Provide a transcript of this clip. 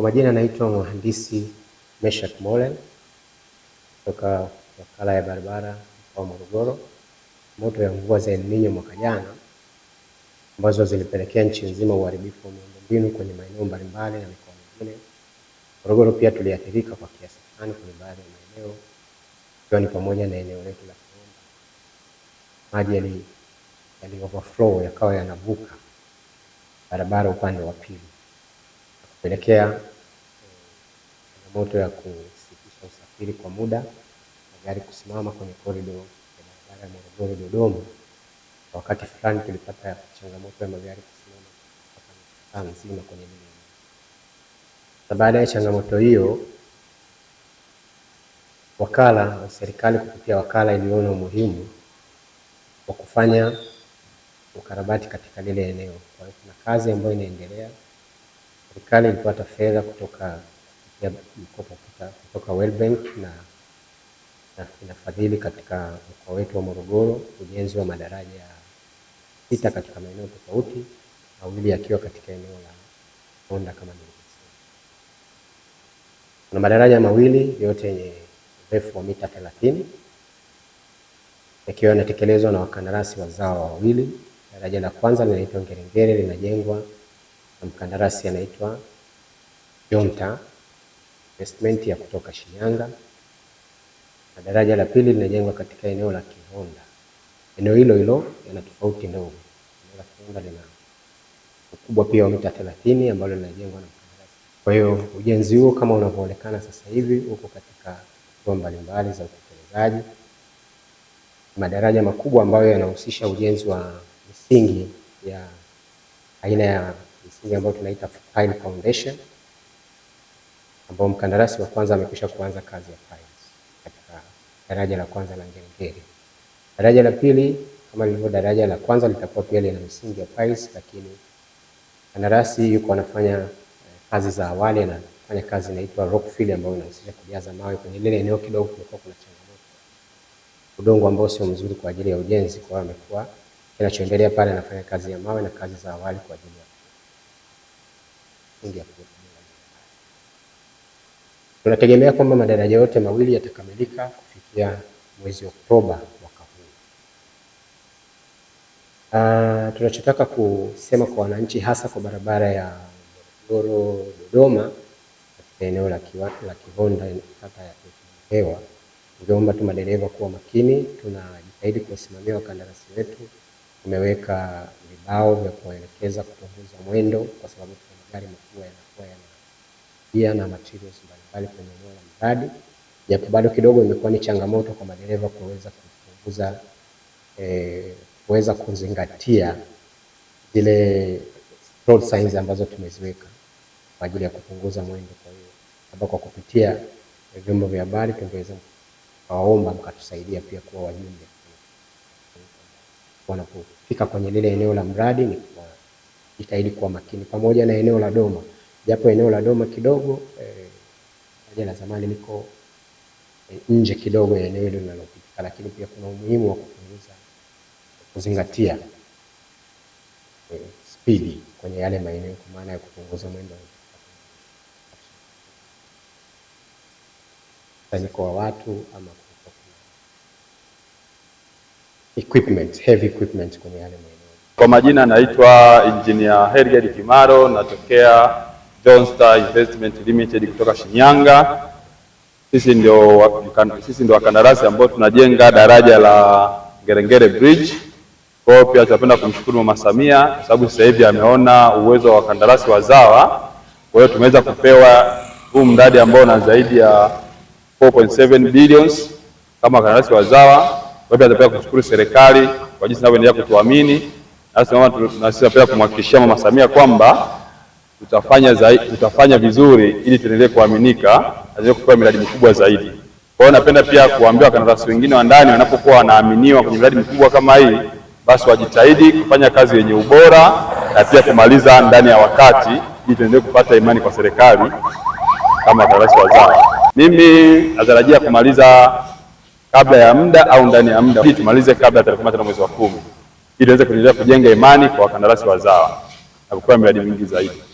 Kwa majina naitwa mhandisi Meshack Mollel kutoka wakala ya barabara mkoa wa Morogoro. Moto ya mvua za El Nino mwaka jana ambazo zilipelekea nchi nzima uharibifu wa miundombinu kwenye maeneo mbalimbali na mikoa mingine. Morogoro pia tuliathirika kwa kiasi fulani kwenye baadhi ya maeneo, ikiwa ni pamoja na eneo letu la Kiomba, maji yali, yali overflow yakawa yanavuka barabara upande wa pili kupelekea changamoto ya kusitisha usafiri kwa muda, magari kusimama kwenye korido ya barabara ya Morogoro Dodoma. Wakati fulani tulipata changamoto ya magari kusimama mpaka nzima kwenye eneo baada ya changamoto hiyo, wakala wa serikali kupitia wakala iliona umuhimu wa kufanya ukarabati katika lile eneo. Kwa hiyo kuna kazi ambayo inaendelea, serikali ilipata fedha kutoka ya mkopo kutoka World Bank na, na inafadhili katika mkoa wetu wa Morogoro ujenzi wa madaraja sita katika maeneo tofauti, mawili yakiwa katika eneo la Ponda kama nilivyosema. Kuna madaraja mawili yote yenye urefu wa mita thelathini yakiwa yanatekelezwa na wakandarasi wazawa wawili. Daraja la kwanza linaitwa Ngerengere linajengwa na mkandarasi anaitwa Jonta investment ya kutoka Shinyanga, na daraja la pili linajengwa katika eneo la Kihonda. Eneo hilo hilo lina tofauti ndogo, eneo la Kihonda lina ukubwa pia wa mita thelathini ambalo linajengwa na mkandarasi. Kwa hiyo ujenzi huo kama unavyoonekana sasa hivi uko katika hatua mbalimbali za utekelezaji. Madaraja makubwa ambayo yanahusisha ujenzi wa misingi ya aina ya misingi ambayo tunaita pile foundation ambao mkandarasi wa kwanza amekwisha kuanza kazi ya finance katika daraja la kwanza la Ngerengere. Daraja la pili kama lilivyo daraja la kwanza litakuwa pia lina misingi ya finance, lakini mkandarasi yuko anafanya eh, kazi za awali, na anafanya kazi inaitwa rock fill ambayo inahusisha kujaza mawe kwenye lile eneo kidogo. Kulikuwa kuna changamoto udongo ambao sio mzuri kwa ajili ya ujenzi, kwa hiyo amekuwa kinachoendelea pale anafanya kazi ya mawe na kazi za awali kwa ajili ya kuingia kwa Tunategemea kwamba madaraja yote mawili yatakamilika kufikia mwezi Oktoba mwaka huu. Ah, tunachotaka kusema kwa wananchi hasa kwa barabara ya Morogoro Dodoma katika eneo la Kihonda kata ya Hewa, ningeomba tu madereva kuwa makini. Tunajitahidi kuwasimamia wakandarasi wetu, tumeweka vibao vya kuwaelekeza kupunguza mwendo kwa sababu magari makubwa yanakuwa yana pia na materials mbalimbali kwenye eneo la mradi, japo bado kidogo imekuwa ni changamoto kwa madereva kuweza kupunguza eh, kuweza kuzingatia zile road signs ambazo tumeziweka kwa ajili ya kupunguza mwendo. Kwa hiyo labda kwa kupitia vyombo vya habari tungeweza kawaomba mkatusaidia pia kuwa wajumbe wanapofika kwenye lile eneo la mradi, ni kujitahidi kuwa makini, pamoja na eneo la doma japo eneo la doma kidogo eh, pamoja la zamani eh, nje kidogo ya eneo hilo linalopika, lakini pia kuna umuhimu wa kupunguza kuzingatia eh, spidi kwenye yale maeneo kwa maana ya kupunguza mwendo mkusanyiko wa watu ama equipment, heavy equipment kwenye yale maeneo. Kwa majina naitwa Engineer Herged Kimaro natokea John Star Investment Limited kutoka Shinyanga. Sisi ndio sisi ndio wakandarasi ambao tunajenga daraja la Ngerengere Bridge. Kwa hiyo pia tunapenda kumshukuru Mama Samia kwa sababu sasa hivi ameona uwezo wa wakandarasi wazawa. Kwa hiyo tumeweza kupewa huu mradi ambao una zaidi ya 4.7 billions kama wakandarasi wazawa. Kwa hiyo tunapenda kumshukuru serikali kwa jinsi inavyoendelea kutuamini. sisi tunapenda kumhakikishia Mama Samia kwamba tutafanya zaidi, tutafanya vizuri ili tuendelee kuaminika na kupewa miradi mikubwa zaidi. Kwa hiyo napenda pia kuambia wakandarasi wengine wa ndani wanapokuwa wanaaminiwa kwenye miradi mikubwa kama hii, basi wajitahidi kufanya kazi yenye ubora na pia kumaliza ndani ya wakati ili tuendelee kupata imani kwa serikali kama wakandarasi wazao. Mimi natarajia kumaliza kabla ya muda au ndani ya muda, ili tumalize kabla ya tarehe kumi 15 mwezi wa kumi ili tuweze kuendelea kujenga imani kwa wakandarasi wazawa na kupewa miradi mingi zaidi.